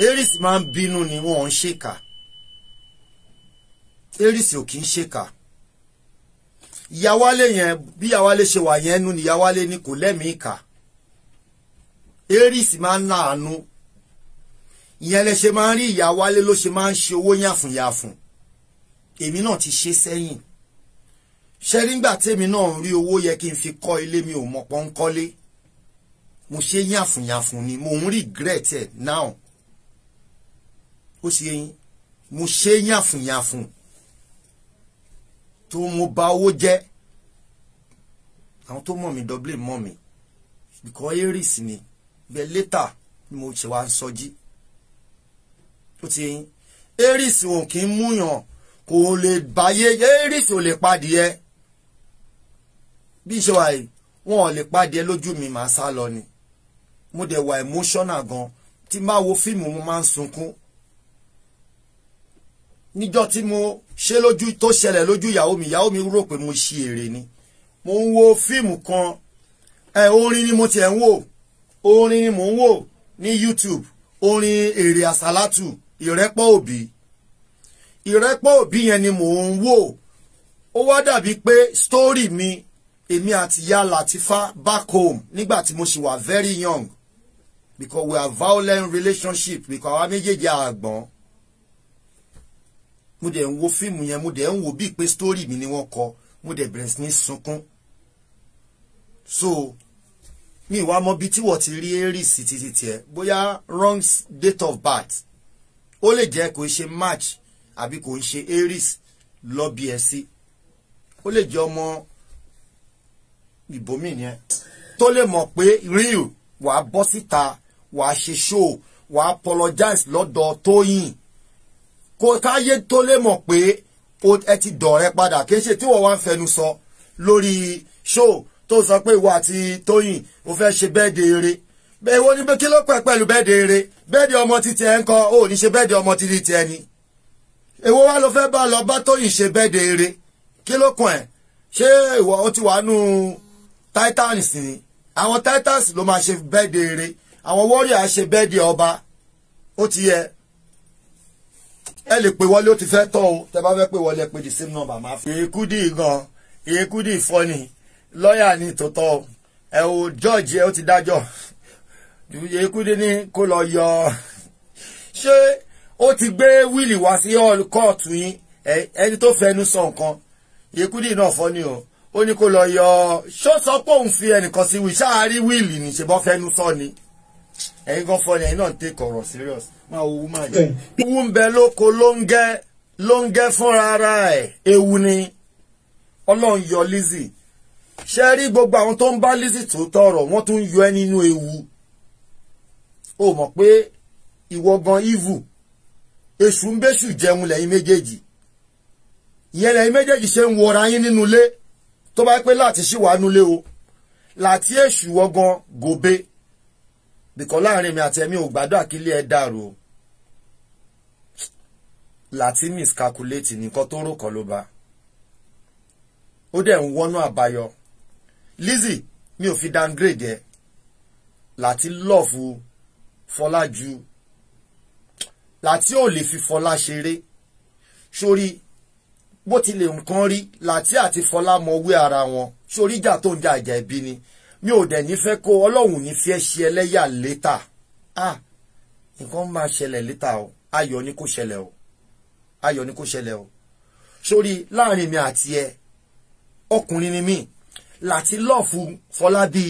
Eris máa ń bínú ni wọn ń ṣèkà aries ò kì í ṣèkà ìyáwálé yẹn bí ìyáwálé ṣe wà yẹn nú ni yawale ni kò lẹ́mìí kà aries máa ń láàánú ìyẹn lẹ ṣe máa ń rí ìyáwálé ló ṣe máa ń ṣe owó yàfùnyàfùn èmi náà ti ṣe sẹ́yìn ṣe nígbà tèmi náà ń rí owó yẹ kí n fi kọ́ ilé mi ò mọ̀ pọ́ńkọ́lé mo ṣe yàfùnyàfùn ni mo ń regret it now ó ṣe yín mo ṣe yàfùnyàfùn tó mo bà owó jẹ́ àwọn tó mọ̀ mí double mọ̀ mí because aries ni bẹ́ẹ̀ later ni mo ṣe wá ń sọjí ó ti yín aries ò kì í múyàn kò lè báyé aries ò lè padìẹ bí ìṣe wà yìí wọn ò lè padìẹ lójú mi màá sá lọ ni mo dẹ̀ wà emotional gan tí máa wo fíìmù mo máa ń sunkún níjọ́ tí mo ṣe lójú tó ṣẹlẹ̀ lójú ìyàwó mi ìyàwó mi rò pé mo ṣe èrè ni mo ń wo fíìmù kan ẹ orin ni mo tiẹ̀ ń wò orin ni mò ń wò ní YouTube orin èrè àsálàtù ìrẹ́pọ̀ òbí ìrẹ́pọ̀ òbí yẹn ni mò ń wò ó wá dàbí pé sítórì mi èmi àti ìyá Latifa back home nígbà tí mo ṣì wà very young because we are violent relationship because àwa méjèèjì àgbọ̀n mo dẹ̀ ń wo fíìmù yẹn mo dẹ̀ ń wo bíi pé sítórì mi ni wọ́n kọ mo dẹ̀ bẹ̀rẹ̀ sí ní sunkún so mi wá mọ bíi tí wọ́n ti rí èrì sí títí tiẹ̀ bóyá wrong date of birth ó lè jẹ́ kò ń ṣe march àbí kò ń ṣe aries lọ́bí ẹ̀ sí ó lè jẹ́ ọmọ ìbòmí yẹn tó lè mọ̀ pé real wàá bọ́ síta wàá ṣe show wàá apologize lọ́dọ̀ Tóyìn kó káyé tó lè mọ̀ pé ẹ ti dọ̀rẹ́ padà kì í ṣe tí wọ́n wá ń fẹnu sọ lórí show tó sọ pé ìwọ àti Tóyìn o fẹ́ ṣe bẹ́ẹ̀dẹ̀ eré bẹ́ẹ̀ wo ni kí ló pẹ̀ pẹ̀lú bẹ́ẹ̀dẹ̀ eré bẹ́ẹ̀dẹ̀ ọmọ títí ẹ̀ ń kọ́ ò ní ṣe bẹ́ẹ̀dẹ̀ ọmọ títí ti ẹni èwo wá ló fẹ́ bá lọ bá Tóyìn ṣe bẹ́ẹ̀dẹ̀ eré kí ló kàn ẹ́ ṣé ìwọ ó ti wà nù Titans ni àwọn Titans ló máa ṣe bẹ́ẹ̀dẹ̀ eré àwọn Warrior á ṣe bẹ́ẹ̀dẹ̀ ọba ó ti yẹ ẹ lè pè wọlé ó ti fẹ́ tọ́ o tẹ bá fẹ́ pè wọlé ẹ pè the same number máa fi. èkúdì gan èkúdì fọ́ni lọ́ọ̀yà ni tòótọ́ ẹ o jọ́ọ̀jì ẹ ó ti dájọ́ èkúdì ni kó lọ yọ ṣé ó ti gbé wíìlì wá sí hall kóòtù yín ẹni tó fẹnu sọ nǹkan èkúdì náà fọ́ni o ó ní kó lọ yọ ṣó sọ pé òun fi ẹnìkan sí wíìlì ṣáà rí wíìlì ní bọ́ fẹnu sọ ni ẹ̀yin gan fọ́ ni ẹ̀yin náà take ọ̀rọ̀ serious máa wo woman yẹn. ewu ń bẹ lóko ló ń gẹ́ ló ń gẹ́ fúnra ara ẹ̀ ewu ni ọlọ́run yọ Lizzy ṣe rí gbogbo àwọn tó ń bá Lizzy tó tọrọ wọ́n tún yọ ẹ́ nínú ewu o mọ̀ pé ìwọ gan evil èṣù ń bẹ́ṣù jẹun lẹ́yìn méjèèjì ìyẹn lẹ́yìn méjèèjì ṣe ń wọra yín nínú ilé tó bá pẹ́ láti ṣì wà o láti èṣù wọ́gan gòbe bìkọ́ láàrin mi àti ẹ̀mí ò gbàdúrà kí ilé ẹ dàrú láti miscalculate nìkan tó rò kọ́ ló bá ó dẹ̀ ń wọ́nú àbáyọ Lizzie mi ò fi downgrade ẹ láti lọ́ọ̀fù fọlá ju láti ò lè fi fọlá ṣeré sórí bó tilẹ̀ nǹkan rí láti àti fọlá mọ wé ara wọn sórí ìjà tó ń jà ìjà ẹbí ni mi ò dẹ̀ ní fẹ́ kó ọlọ́run ní fẹ́ ṣe ẹlẹ́yà létà ah nǹkan máa ṣẹlẹ̀ létà o ayọ̀ ni kò ṣẹlẹ̀ o ayọ̀ ni kò ṣẹlẹ̀ o sórí láàrin mi àti ẹ ọkùnrin ni mí láti lọ́ọ̀fù Fọlábí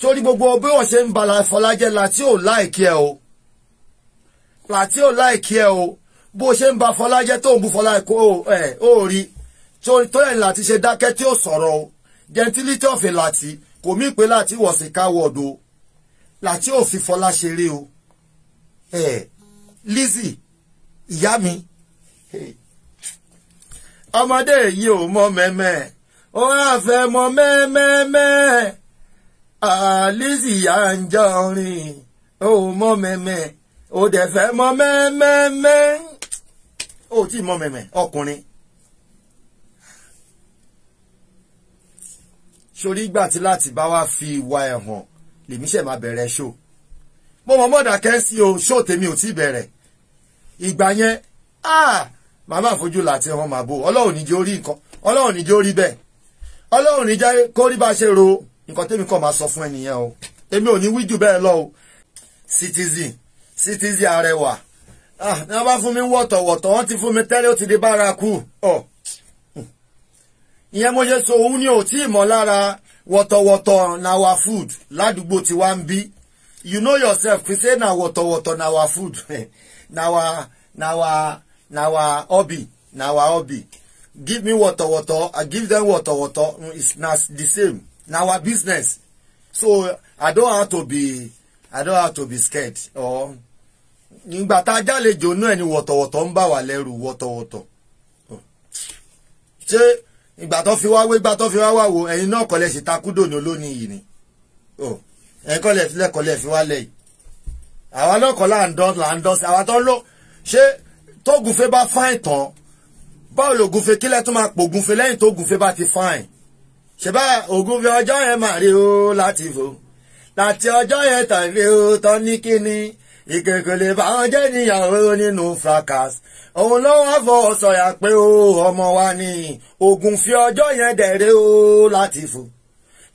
sórí gbogbo bí wọ́n ṣe ń bala Fọlájẹ́ láti ò láìkí ẹ o láti ò láìkí ẹ o bó ṣe ń ba Fọlájẹ́ tó ń bu Fọlá kó ẹ ó rí tó yẹn láti ṣe dákẹ́ tí ó sọ̀rọ̀ o gentility of láti kò mí pé láti wọ̀sìn káwọ́ọ̀dù o láti ò fi fọlá ṣeré o ẹ̀ Lizzy ìyá mi ọmọdé yìí ò mọ mẹ́mẹ́ ó wá fẹ́ mọ mẹ́mẹ́mẹ́ Lizzy Anjorin ó mọ mẹ́mẹ́ ó dẹ̀ fẹ́ mọ mẹ́mẹ́mẹ́ ó tí mọ mẹ́mẹ́ ọkùnrin sórí ìgbà tí láti bá wá fi ìwà ẹ̀ hàn lèmi ṣẹ̀ máa bẹ̀rẹ̀ ṣó mo mọ̀ mọ́ dákẹ́ sí o ṣó tèmi ò tí bẹ̀rẹ̀ ìgbà yẹn ah, màmá fojú láti hàn màbo ọlọ́run níjẹ́ orí nǹkan ọlọ́run níjẹ́ orí bẹ́ẹ̀ ọlọ́run níjẹ́ kó rí bá ṣe ro nǹkan tèmi kàn máa sọ fún ẹnìyẹn o èmi ò ní wíjù bẹ́ẹ̀ lọ o citizen citizen arẹwà ah, ní wọ́n bá fún mi wọ̀tọ̀wọ̀tọ̀ wọ́n ti fún mi tẹ́lẹ̀ ó ti di bárakú ọ̀. Oh ìyẹn mo ṣe sọ òun ni ò tí ì lára wọ̀tọ̀wọ̀tọ̀ na our food ládùúgbò tí wá ń bí you know yourself fi say na wọ̀tọ̀wọ̀tọ̀ na our food na our na our na our hobby na our hobby give me wọ̀tọ̀wọ̀tọ̀ i give them wọ̀tọ̀wọ̀tọ̀ mm, it's na the same na our business so i don't have to be i don't have to be scared or nígbà tá a jálejò náà ni wọ̀tọ̀wọ̀tọ̀ ń bà wá lẹ́rù wọ̀tọ̀wọ̀tọ̀ ṣé. Oh ìgbà tó fi wá wé ìgbà tó fi wá wà wò ẹ̀yin náà kọ́lẹ̀ sí takúdò ní olónìí yìí ni ẹ̀yin kọ́lẹ̀ sílẹ̀ kọ́lẹ̀ fi wá lẹ́yìn àwa lọ́kọ̀ là ń dán là ń dán sí àwa tó ń lò ṣé tó gùnfé bá fáìn tán báwo ló gùnfé kílẹ̀ tó máa pò gùnfé lẹ́yìn tó gùnfé bá ti fáìn ṣèbá ògùn fi ọjọ́ yẹn máa rí o láti fò láti ọjọ́ yẹn tàbí o tán ní kíni ìkèkèlè bàjẹ́ níyàwó nínú fracas òun ló wá pé ó ọmọ wa ni ogun fi ọjọ́ yẹn dẹ̀rẹ́ o láti fò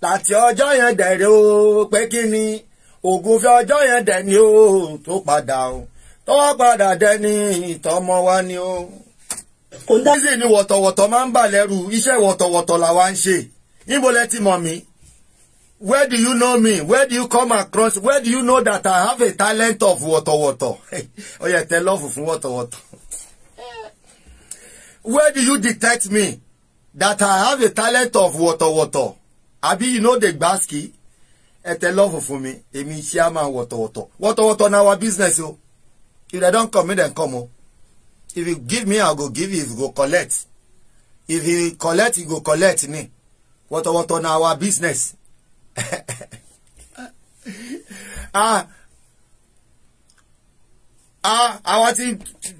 láti ọjọ́ yẹn dẹ̀rẹ́ o pé kí ni ogun fi ọjọ́ yẹn dẹ̀ni o tó padà o tó padà dẹni ìtọ́mọ wa ni o. kò dá sí ni wọ̀tọ̀wọ̀tọ̀ máa ń bà lẹ́rù iṣẹ́ wọ̀tọ̀wọ̀tọ̀ làwa ń ṣe níbo lẹ ti mọ̀ mí where do you know me where do you come across where do you know that i have a talent of wọ̀tọ̀wọ̀tọ̀ ó yẹ tẹ lọ́ọ̀fù fún wọ̀tọ̀wọ̀tọ̀ where do you detect me that i have a talent of wọ̀tọ̀wọ̀tọ̀ Abi, you know the gbasky ẹ tẹ lọ́ọ̀fù fún mi èmi ṣé a máa wọ̀tọ̀wọ̀tọ̀ wọ̀tọ̀wọ̀tọ̀ na our business o if they don come me dem come o if you give me i go give you if you go collect if you collect you go collect me wọ̀tọ̀wọ̀tọ̀ na our business. Ah. Ah, àwa ti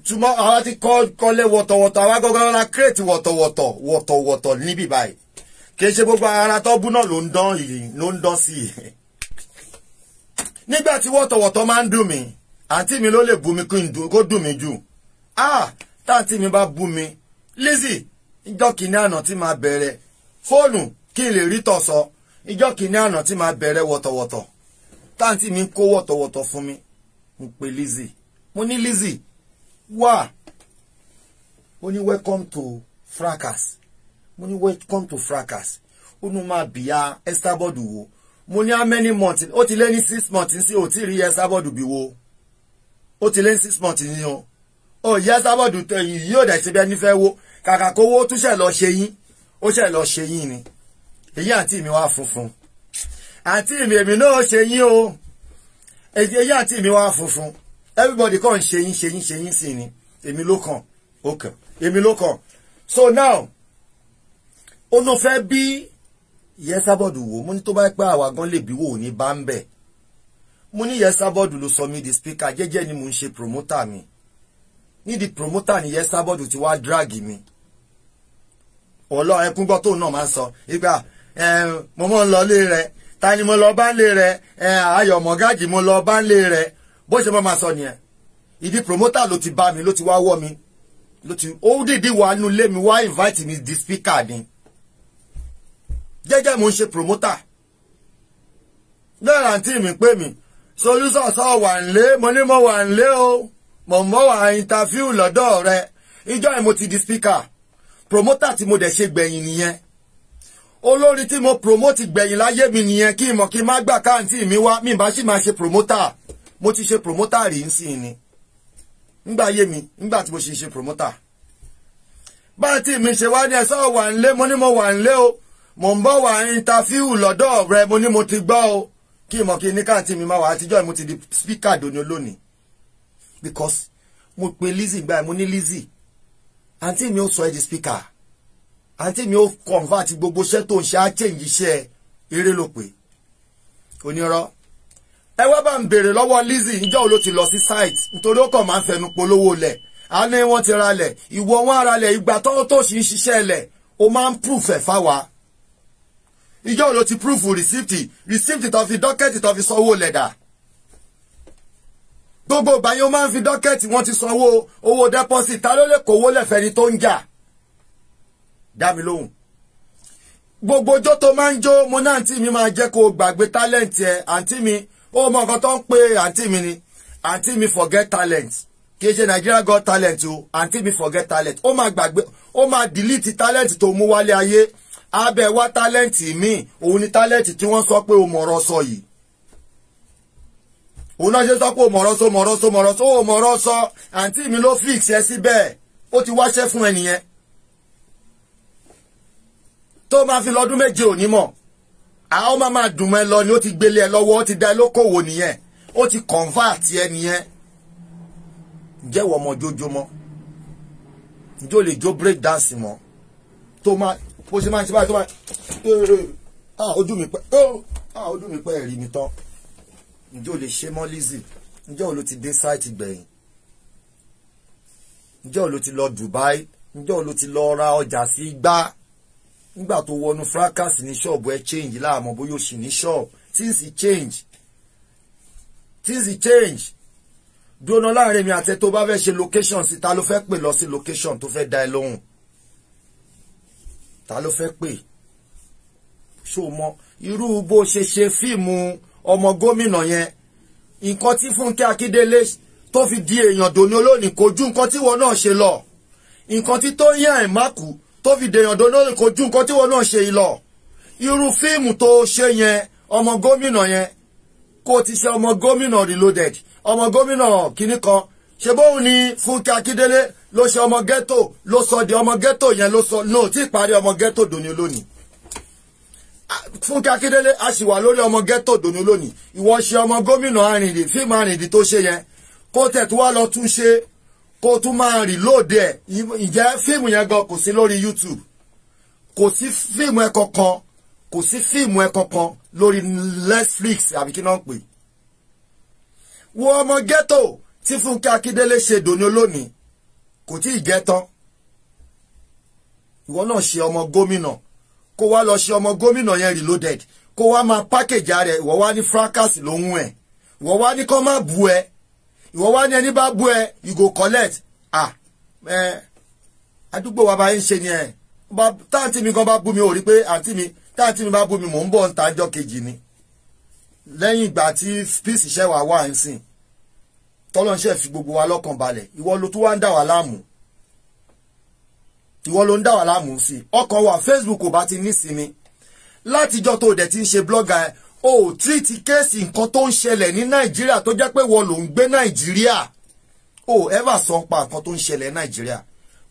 túmọ̀ àwa ti kọ́lé wọ̀tọ̀wọ̀tọ̀ àwa gangan la kírètì wọ̀tọ̀wọ̀tọ̀ wọ̀tọ̀wọ̀tọ̀ níbí báyìí kì í ṣe gbogbo ara tó bú náà ló ń dán yìí ló ń dán sí i nígbà tí wọ̀tọ̀wọ̀tọ̀ máa ń dùn mí àǹtí mi ló lè bú mi kó dùn mí jù ah táǹtí mi bá bú mi Lizzy ìjọ kìíní àná tí máa bẹ̀rẹ̀ fóònù kí n lè rí tọ̀sọ̀ ìjọ́ kìíní àná tí màá bẹ̀rẹ̀ wọ̀tọ̀wọ̀tọ̀ táǹtì mi ń kó wọ̀tọ̀wọ̀tọ̀ fún mi mo pe Lizzy mo ní Lizzy wá ó ní welcome to fracas mo ní welcome to fracas ó nu máa bìyà Esther Abodu wo mo ní how many months ó ti lé ní six months sí ò tí ì rí Esther bí wo ó ti lé ní six months ní o ó yẹ Esther Abodu tẹ̀yìn yóò dẹ̀ ṣe nífẹ̀ẹ́ wo kàkà kówó ó túṣẹ̀ lọ ṣe yín ó ṣẹ̀ lọ ṣe yín ni èyí àǹtí mi wá funfun àǹtí mi èmi náà ṣe yín o èyí àǹtí mi wá funfun everybody kàn ń ṣe yín ṣe yín ṣe yín sí ni èmi ló kàn ó èmi ló kàn so now ó ló fẹ́ bí Ìyásábọ̀dù wò mo ní tó bá pẹ́ àwa gan lè bí wò ní bá ń bẹ̀ mo ní Ìyásábọ̀dù ló sọ mí di speaker jẹ́jẹ́ ni mo ń ṣe promoter mi nídìí promoter ni Ìyásábọ̀dù ti wá drag mi ọlọ́ ẹkún gbọ́ tóun náà máa ń sọ ìgbà mo ń lọ lé rẹ̀ ta ni mo lọ bá lé ayọ̀ lọ bá lé bó ṣe máa sọ nìyẹn ìdí ti bá mi ló ti wá mi ló ti ó mi wá invite mi di speaker mi. jẹ́jẹ́ mo ń ṣe promoter àǹtí mi mi wà ń lé mo ní mo wà o wà interview lọ́dọ̀ ìjọ́ mo ti di speaker promoter ti mo dẹ̀ ṣe gbẹ̀yìn nìyẹn olórin tí mo promote gbẹ̀yìn láyé mi nìyẹn kí n mọ̀ kí n má gbà káàntì mi wá mi bá sì máa ṣe promoter mo ti ṣe promoter rí nsìn ni ngbà yé mi ngbà tí mo ṣe ṣe promoter báyìí tí mi ṣe wá ní ẹ̀sọ́ wà ń lé mo ní mo wà ń lé o mò ń bọ̀ wà ń lọ́dọ̀ rẹ mo ní mo ti gbọ́ o kí mọ̀ kí n ní káàntì mi máa wà àtijọ́ mo ti di speaker dòní olónìí because mo pe Lizzy gbà mo ní Lizzy àǹtí mi ò sọ ẹ́ di speaker àǹtí mi ó convert gbogbo iṣẹ́ tó ń ṣe á change iṣẹ́ eré ló pé onírọ́ ẹ wá bá ń béèrè lọ́wọ́ Lizzy níjọ́ wo ló ti lọ sí site nítorí ó kàn máa ń fẹnu polówó lẹ̀ á ní wọ́n ti ra lẹ̀ ìwọ wọn ara lẹ̀ ìgbà tọ́wọ́ tó sì ń ṣiṣẹ́ lẹ̀ ó máa ń proof ẹ̀ fáwa ìjọ́ wo ló ti proof receipt receipt tó fi dọ́kẹ́tì tó fi sanwó lẹ̀dà gbogbo ìgbà yẹn ó máa ń fi dọ́kẹ́tì wọ́n ti sanwó owó deposit ta ló lè kówó lẹ̀fẹ́ ni tó ń jà dá mi lóhùn gbogbo ọjọ́ tó máa ń jó mo ní àǹtí mi máa jẹ́ kó o gbàgbé talent ẹ àǹtí mi ó mọ nǹkan tó ń pè àǹtí mi ni àǹtí mi forget talent kì í ṣe Nigeria got talent o àǹtí mi forget talent ó máa gbàgbé ó máa delete talent tó mú wálé ayé abẹ wá talent mi òun ni talent tí wọ́n sọ pé o mọ̀rọ̀ sọ yìí òun náà ṣe sọ pé o mọ̀rọ̀ sọ mọ̀rọ̀ sọ sọ o mọ̀rọ̀ sọ àǹtí mi ló fix ẹ síbẹ̀ ó ti wáṣẹ́ fún ẹ tó máa fi lọ́dún méje òní mọ̀ àwọn máa máa dùn mọ́ ẹ lọ ni ó ti gbélé ẹ lọ́wọ́ ó ti da ẹ lókòwò nìyẹn ó ti convert ẹ nìyẹn jẹ́wọ́ ọmọ jójó njó lè jó break dance mọ́ tó máa bó ṣe máa ṣe báyìí tó máa ah ojú mi pẹ́ oh, ah ojú mi pẹ́ ẹ̀rí mi tán njó lè ṣe mọ́ Lizzy njó ló ti dé site gbẹ̀yìn njó ló ti lọ Dubai njó ló ti lọ ra ọjà sí gbá nígbà tó wọnú fracas ní ṣọ́ọ̀bù ẹ change láàmú bóyá o sì ní ṣọ́ọ̀bù things change things change dúró láàrin mi àti tó bá fẹ́ ṣe location sí ta ló fẹ́ pè lọ sí location tó fẹ́ dá ẹ lóhùn ta ló fẹ́ pè ṣó mọ irú bó ṣe ṣe fíìmù ọmọ gómìnà yẹn nǹkan tí Fúnkẹ́ Akíndélé tó fi di èèyàn dòní olóòní kò nǹkan tí wọn náà ṣe lọ nǹkan tí tó yàn ẹ̀ má kú tó fi dèèyàn dó lórí kojú nǹkan tí wọn náà ṣe yìí lọ irú fíìmù tó ṣe yẹn ọmọ gómìnà yẹn kó ti ṣe ọmọ gómìnà reloaded ọmọ gómìnà kìíní kan ṣe bóun ni Fúnkẹ́ Akíndélé ló ṣe ọmọ ghetto ló sọ di ọmọ ghetto yẹn ló sọ no tí ìparí ọmọ ghetto dòní lónìí Fúnkẹ́ Akíndélé a sì wà lórí ọmọ ghetto dòní lónìí ìwọ ṣe ọmọ gómìnà arìnrìn fíìmù arìnrìn tó ṣe yẹn kó tẹ̀ wá lọ tún ṣe kó o tún máa reload ẹ̀ ǹjẹ́ fíìmù yẹn gan kò sí lórí YouTube kò sí fíìmù ẹ kankan kò sí fíìmù ẹ kankan lórí Netflix àbí kí náà pè wo ọmọ ghetto tí Fúnkẹ́ Akíndélé ṣe dòní olónìí kò tí ì jẹ́ tán ìwọ náà ṣe ọmọ gómìnà kó wá lọ ṣe ọmọ gómìnà yẹn reloaded kó wá máa pákèjà rẹ̀ ìwọ wá ní fracas lóhun ẹ̀ ìwọ wá ní kó má bu ẹ ìwọ wá ní ẹni bá bú ẹ you go collect ah ẹ àdúgbò wa bá ń ṣe ni ẹ táàtì mi kan bá bú mi ò rí pé àǹtí mi táàtì mi bá bú mi mò ń bọ̀ ń ta ọjọ́ kejì ni lẹ́yìn ìgbà tí peace iṣẹ́ wa wà ń sìn tọ́lọ́nṣẹ́ fi gbogbo wa lọ́kàn balẹ̀ ìwọ ló tún wá ń dà wá láàmú ìwọ ló ń dà wá láàmú sí ọkàn wa Facebook ò bá ti nísinmi látijọ́ tó dẹ̀ ti ń ṣe blogger o ò tírìtì kéèsì nǹkan tó ń ṣẹlẹ̀ ní nàìjíríà tó jẹ́ pé wọ́n ló ń gbé nàìjíríà ò ever sọ nípa nǹkan tó ń ṣẹlẹ̀ nàìjíríà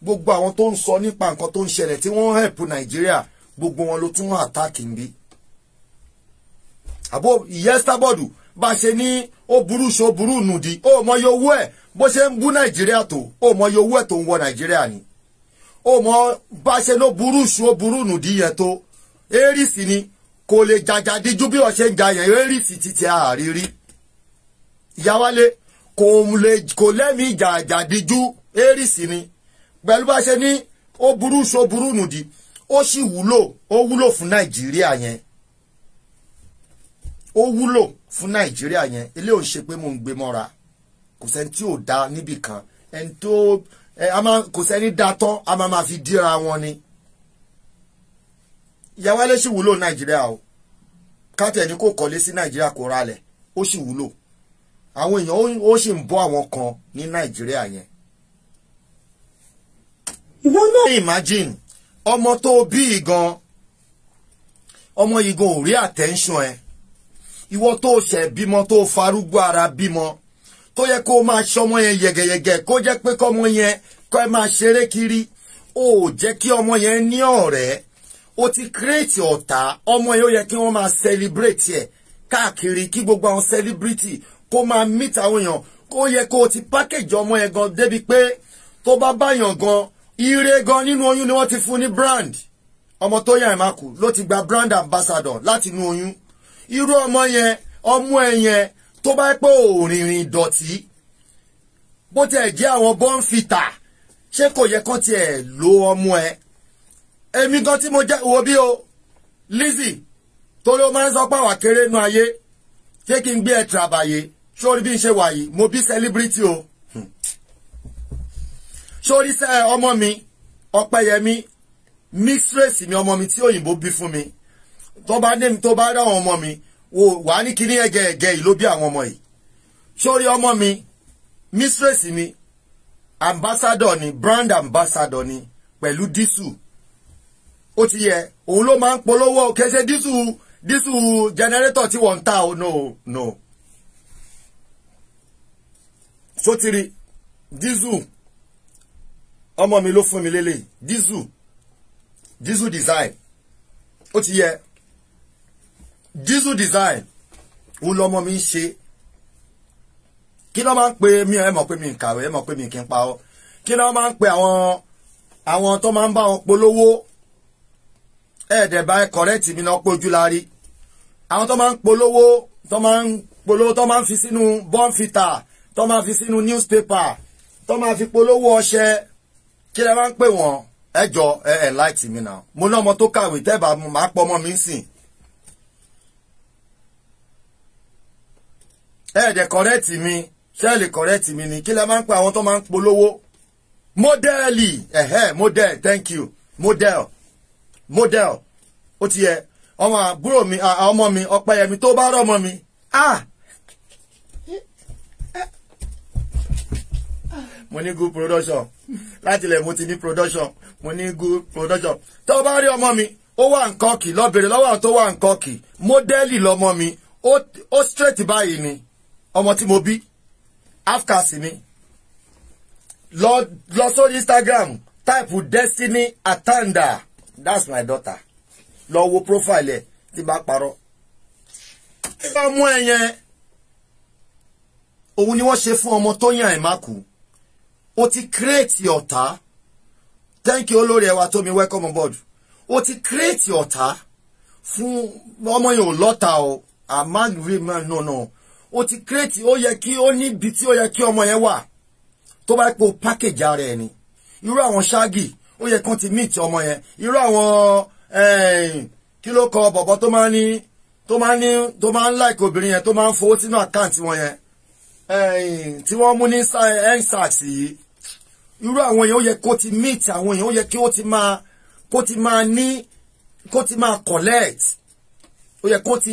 gbogbo àwọn tó ń sọ nípa nǹkan tó ń ṣẹlẹ̀ tí wọ́n help nàìjíríà gbogbo wọn ló tún attack nbí. àbó ìyẹ́sítàbọ̀dù bá ṣe ní ó burú ṣo burú nùdí ó mọyì owó ẹ̀ bó ṣe ń bú nàìjíríà tó ó mọyì owó ẹ̀ tó ń wọ nàìjíríà ni ó mọ bá ṣe ló burú ṣo burú nùdí yẹn tó eré sì ni kò lè jàjà díjú bí ọ̀sẹ̀ ń jayàn rẹ́rì sí títí àárírí ìyáwálé kò lẹ́mìí jàjà díjú rẹ́rì sí ni pẹ̀lú bá ṣe ní ó burú so burú nùdí ó sì wúlò ó wúlò fún nàìjíríà yẹn ó wúlò fún nàìjíríà yẹn ilé òun ṣe pé mò ń gbé mọ́ra kò sẹ́ni tí ò da níbì kan ẹni tó kò sẹ́ni da tán a máa ma fi díra wọn ni. yawale si wulo nigeria o kátẹ̀ ni kò kọ́lé si Nàìjíríà kò ralẹ̀ o si wúlò àwọn èèyàn ó sì ń bọ́ àwọn kan ni Nàìjíríà yẹn. ìwọ náà imagine ọmọ tó bí gan ọmọ yìí gan ò rí attention ẹ ìwọ tó ṣe bímọ tó farúgbó ara bímọ tó yẹ kó máa ṣọmọ yẹn yẹgẹyẹgẹ kó jẹ́ pé kọ́mọ yẹn kó ẹ máa ṣeré kiri ó jẹ́ kí ọmọ yẹn ní ọ̀rẹ́ o ti kírètì ọ̀tá ọmọ yẹn ó yẹ kí wọ́n máa celebrate ẹ̀ káàkiri kí gbogbo àwọn celebrity kó máa meet àwọn èèyàn kó yẹ kó o ti package ọmọ yẹn gan débi pé tó bá báyàn gan ire gan nínú oyún ni wọ́n ti fún ní brand ọmọ tó yàn má kú ló ti gba brand ambassador láti inú oyún irú ọmọ yẹn ọmọ ẹ yẹn tó bá pé òrìnrìn ìdọ̀tí bó tiẹ̀ jẹ́ àwọn bọ́ǹfìtà ṣé kò yẹ kán tiẹ̀ lo ọmọ ẹ èmi gan tí mo jẹ́ wo bí o Lizzy torí o máa ń sọ pé àwa kéré nu ayé ṣé kí n gbé ẹ tìrabàyè sórí bí n ṣe wà yìí mo bí celebrity o sórí hmm. sẹ ọmọ mi Ọpẹ́yẹmí mistress mi ọmọ mi tí òyìnbó bí fún mi tó bá dé mi tó bá rẹ àwọn ọmọ mi wò wá ní kíní ẹgẹ ẹgẹ yìí ló bí àwọn ọmọ yìí sórí ọmọ mi mistress mi ambassador ni brand ambassador ni pẹ̀lú dísù ó ti yẹ òun ló máa ń polówó kẹsẹ dísù dísù jẹnẹrétọ̀ tí wọ́n ń ta o no no sotiri dísù ọmọ mi ló fún mi lélẹ̀ dísù dísù design ó ti yẹ dísù design òun lọmọ mi ń ṣe kí ló máa ń pe mi ẹ mọ̀ pé mi ń kàwé ẹ mọ̀ pé mi kì í pa ọ́ kí ló máa ń pe àwọn àwọn tó máa ń bá wọn polówó ẹ̀ẹ́dẹ̀ bá kọ̀rẹ́tì mi náà pójú la rí àwọn tó máa ń polówó tó máa ń polówó tó máa ń fi sínú bọ́ǹfìtà tó máa fi sínú newspaper tó máa fi polówó ọṣẹ kí lẹ máa ń pè wọ́n ẹ jọ ẹ láìtì mi náà mo ní ọmọ tó kàwé tẹ́ẹ̀bà máa pọ̀ ọmọ mi ń sìn ẹ̀ẹ́dẹ̀ kọ̀rẹ́tì mi ṣẹ́ẹ̀lì kọ̀rẹ́tì mi ni kí lẹ máa ń pè àwọn tó máa ń polówó mọ́dẹ́ẹ̀lì ẹ̀hẹ́ mọ́dẹ́ẹ̀ thank you mọ́dẹ́ẹ̀ model ó ti yẹ ọmọ àbúrò mi ọmọ mi ọpẹ́yẹmí tó bá rọmọ mi ah mo ní good production láti ilẹ̀ mo ti ní production mo ní good production tó bá rí ọmọ mi ó wà nǹkan kì lọ́bẹ̀rẹ̀ lọ́wọ́ tó wà nǹkan kì mọ́dẹ́lì lọ́mọ mi ó straight báyìí ni ọmọ tí mo bí afcas ni lọ sórí Instagram táìpù Destiny Atanda that's my daughter lọ wo profile ẹ̀ tí bá parọ́ tí bá mú ẹ yẹn òun ni wọ́n ṣe fún ọmọ tó yàn ẹ̀ má kú o ti create ọ̀tá thank you olórí ẹwà tómi welcome aboard. board o ti create ọ̀tá fún ọmọ yẹn ò lọ́ta o amagre man no no o ti create ó yẹ kí ó níbi tí ó yẹ kí ọmọ yẹn wà tó bá pò package ara ẹ ni irú àwọn ṣáàgì ó yẹ kán ti meet ọmọ yẹn irú àwọn eh, kí ló kọ bọ̀bọ̀ tó máa ń ní tó máa ń ní tó máa ń like obìnrin yẹn tó máa ń fowó sínú àkáǹtì wọn yẹn eh, tí wọ́n mú ní ensax eh, yìí irú àwọn yẹn ó yẹ kó ti meet àwọn yẹn ó yẹ kí ó ti máa kó ti máa ní kó ti máa collect ó yẹ kó ti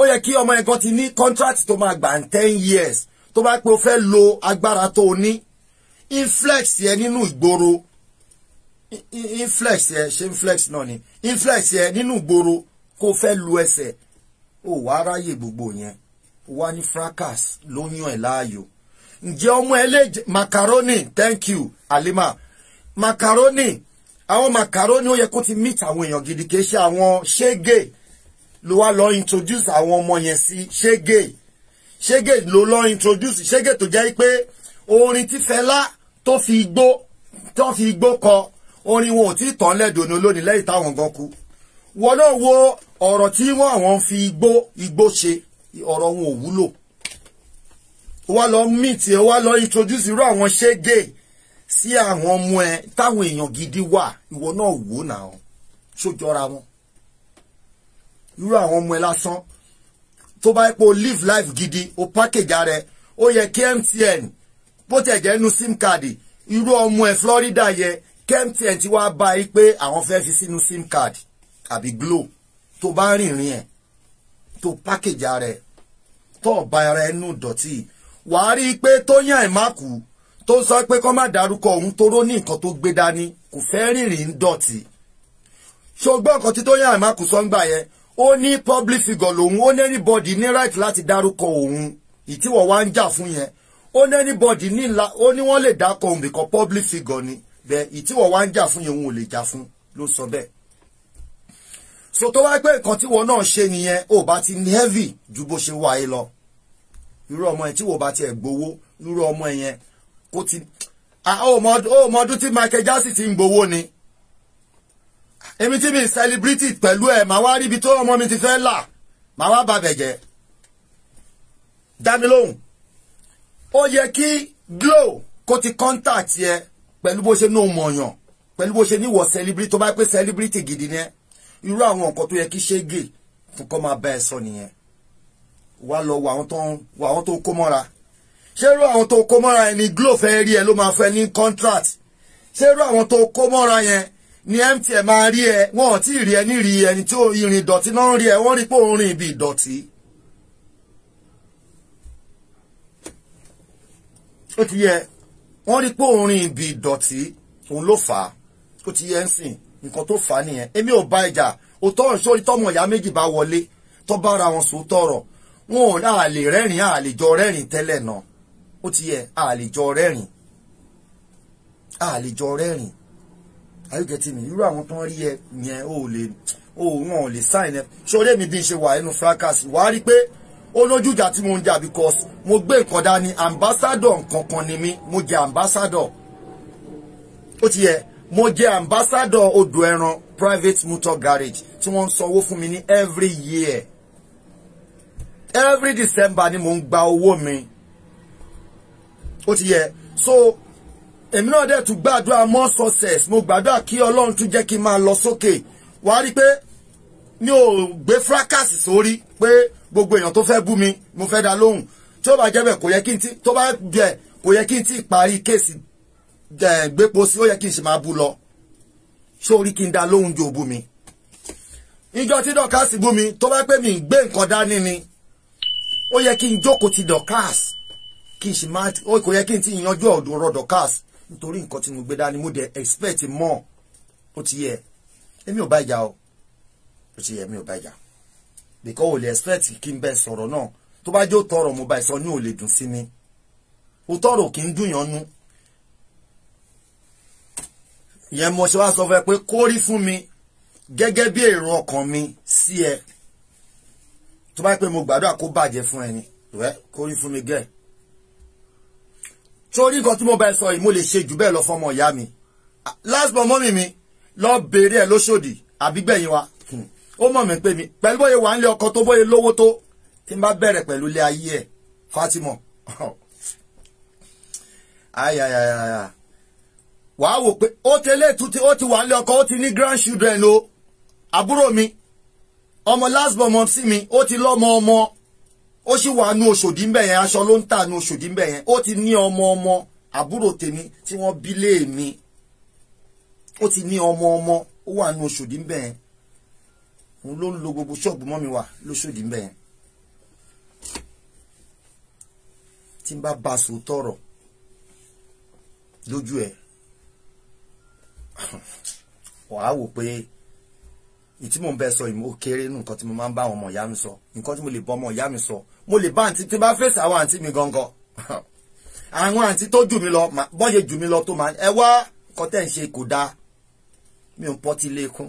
ó yẹ kí ọmọ yẹn kan ti ní contract tó máa gbà ní ten years tó bá pé o fẹ́ lo agbára tó o ní inflex yẹn nínú ìgboro inflex yẹ ṣe inflex náà ni inflex yẹ nínú ìgboro kó fẹ́ lu ẹsẹ̀ ó wá ráyè gbogbo yẹn wá ní fracas ló yàn ẹ̀ láàyò ǹjẹ́ ọmọ ẹ macaroni thank you Alima. macaroni àwọn macaroni ó yẹ kó ti meet àwọn èèyàn gidi kì í ṣe àwọn ṣége ló wá lọ introduce àwọn ọmọ yẹn sí ṣége ṣége ló lọ introduce ṣége tó jẹ́ pé orin tí Fẹlá tó fi igbó tó fi igbó kọ orin wọn ò tí ì tán lẹ́dọ̀ọ́nù lónìí lẹ́yìn táwọn gan kú wọn náà wo ọ̀rọ̀ tí wọ́n àwọn fi igbó igbó ṣe ọ̀rọ̀ wọn ò wúlò wá lọ meet ẹ wá lọ introduce irú àwọn ṣége sí àwọn ọmọ ẹ táwọn èèyàn gidi wà ìwọ náà wò náà sójọra wọn irú àwọn ọmọ ẹ lásán tó bá yẹ live life gidi o package rẹ ó yẹ kí MTN bó tẹ̀ jẹ́ nu sim card irú ọmọ ẹ Florida yẹ kmtn ti wá bá yí pé àwọn fẹ́ fi sínú sim card àbí glo tó bá rìnrìn ẹ̀ tó package ara ẹ̀ tó ọba ara ẹnu dọ̀tí wàá rí i pé tó yàn ẹ̀ má kú tó sọ pé kó má dárúkọ òun tó ró ní nǹkan tó gbé dání kò fẹ́ rìnrìn dọ̀tí ṣùgbọ́n nǹkan tí tó yàn ẹ̀ má kú sọ́ngbà yẹn ó ní public figure lòun ó ní anybody ní right láti dárúkọ òun ìtìwọ̀ wá ń jà fún yẹn ó ní anybody ní wọ́n lè dákọ̀ òun bìkọ́ public figure ni bẹ́ẹ̀ ìtíwọ̀ wá ń jà fún yẹn òun ò lè jà fún ló sọ bẹ́ẹ̀ so tó wá pé nǹkan tíwọ náà ṣe nìyẹn ò bá ti ní heavy ju bó ṣe wáyé lọ irú ọmọ yẹn tíwọ bá ti ẹ̀ gbowó irú ọmọ yẹn kó ti ó mọ ọdún tí Michael Jackson ti ń gbowó ni èmi tí mi celebrity pẹ̀lú ẹ̀ màá wá rí ibi tó ọmọ mi ti fẹ́ là màá wá bàbẹ̀ jẹ́ dá mi lóhùn ó yẹ kí Glo kó ti contact yẹ pẹ̀lú bó ṣe ní òun mọ̀yàn pẹ̀lú bó ṣe níwọ̀ celebrity tó bá pé celebrity gidi ni ẹ́ irú àwọn nǹkan tó yẹ kí ṣe gè fún kọ́ máa bá ẹ sọ nìyẹn wá lọ wà àwọn tó kó mọ́ra ṣé irú àwọn tó kó mọ́ra yẹn ni Glo fẹ́ rí ẹ ló máa fẹ́ ní contract ṣé irú àwọn tó kó mọ́ra yẹn ni MTN máa rí ẹ wọn ò tí ì rí ẹ nírí ẹni tí ìrìn ìdọ̀tí náà ń rí ẹ wọ́n rí pé òun rìn ibi ìdọ̀tí. ó ti yẹ wọ́n rí pé orin ibi ìdọ̀tí òun ló fà á ó ti yẹ ń sìn nǹkan tó fà á nìyẹn èmi ò bá ìjà òótọ́ ìṣòrí tọ́mọ ìyá méjì bá wọlé tó bá ara wọn sòótọ́ ọ̀rọ̀ wọn ò náà lè rẹ́rìn àlejò rẹ́rìn tẹ́lẹ̀ náà ó ti yẹ àlejò rẹ́rìn àlejò rẹ́rìn ayọ́kẹ́tì mi irú àwọn tó ń rí ẹ yẹn ò lè ò wọn ò lè sáìn ẹ ṣọlẹ́ mi bí n ṣe wà nínú fracas wàá rí pé ó lójú ìjà tí mo ń jà because mo gbé nǹkan dání ambassador nǹkan kan ni mí mo jẹ ambassador ó ti yẹ mo jẹ ambassador odò ẹran private motor garage tí wọ́n ń sanwó fún mi ní every year every December ni mo ń gba owó mi ó ti yẹ so èmi náà dẹ̀ tún gbàdúrà more success mo gbàdúrà kí Ọlọ́run tún jẹ́ kí n máa lọ sókè wàá rí pé ni o gbé fracas sórí pé gbogbo èèyàn tó fẹ́ bú mi mo fẹ́ da lóhùn tí ó bá jẹ́ bẹ́ẹ̀ kò yẹ kí n ti tó bá jẹ́ kò yẹ kí n ti parí kéèsì gbépo sí ó yẹ kí n sì máa bú lọ sórí kí n dá lóhùn jò bú mi ìjọ tí dọkas bú mi tó bá pé mi ń gbé nǹkan dání ni ó yẹ kí n jókòó ti dọkas kí n sì máa kò yẹ kí n ti yanjú ọ̀rọ̀ dọkas nítorí nǹkan tí mo gbé dání mo dẹ̀ expect more ó ti yẹ èmi ò bá ìjà o ó ti yẹ mi ò bá jà because ò lè expect kí n bẹ sọ̀rọ̀ náà tó bá jẹ́ ó tọrọ mo bá ìsọ ní ò lè dùn sí mi ó tọrọ kì í dùn yàn nú ìyẹn mo ṣe wá sọ fún ẹ pé kó rí fún mi gẹ́gẹ́ bí èrò ọkàn mi sí ẹ tó bá pẹ́ mo gbàdúrà kó bàjẹ́ fún ẹni rẹ kó rí fún mi gẹ́ẹ̀ torí nǹkan tí mo bá sọ yìí mo lè ṣe jù bẹ́ẹ̀ lọ fọmọ ìyá mi last but mọ́mì mi lọ́ọ́ béèrè ẹ̀ lóṣòdì àbígbẹ̀yìn wa. Hmm ó mọ̀ mí pé mi pẹ̀lú bóyá wà ń lé ọkọ tó bóyá lówó tó tí n bá bẹ̀rẹ̀ pẹ̀lú ilé ayé ẹ̀ Fatima ayayayaya wàá wò pé ó tẹ́lẹ̀ tún ti ó ti wà ń lé ọkọ ó ti ní grand children o àbúrò mi ọmọ last born mom sí mi ó ti lọ́mọ ọmọ ó sì wà nú Òṣòdì ń bẹ̀ yẹn aṣọ ló ń tà nú Òṣòdì ń bẹ̀ yẹn ó ti ní ọmọ ọmọ àbúrò tèmi tí wọ́n bí lé mi ó ti ní ọmọ ọmọ ó wà nú Òṣòdì ń bẹ̀ yẹn òun ló ń lo gbogbo ṣọ́ọ̀bù mọ́ mi wà lóṣòdì mbẹ́ yẹn tí n bá ba sòótọ́ ọ̀rọ̀ lójú ẹ̀ wàá wò pé ìtí mò ń bẹ sọ ìmú kéré nù nǹkan tí mo máa ń bá àwọn ọmọ ìyá mi sọ nǹkan tí mo lè bọ ọmọ ìyá mi sọ mo lè bá àǹtí tí n bá fèsì àwọn àǹtí mi gangan àwọn àǹtí tó jù mí lọ bọ́yẹ jù mí lọ tó máa ẹ wá nǹkan tẹ̀ ń ṣe kò dáa mi ò pọ́ ti lékún.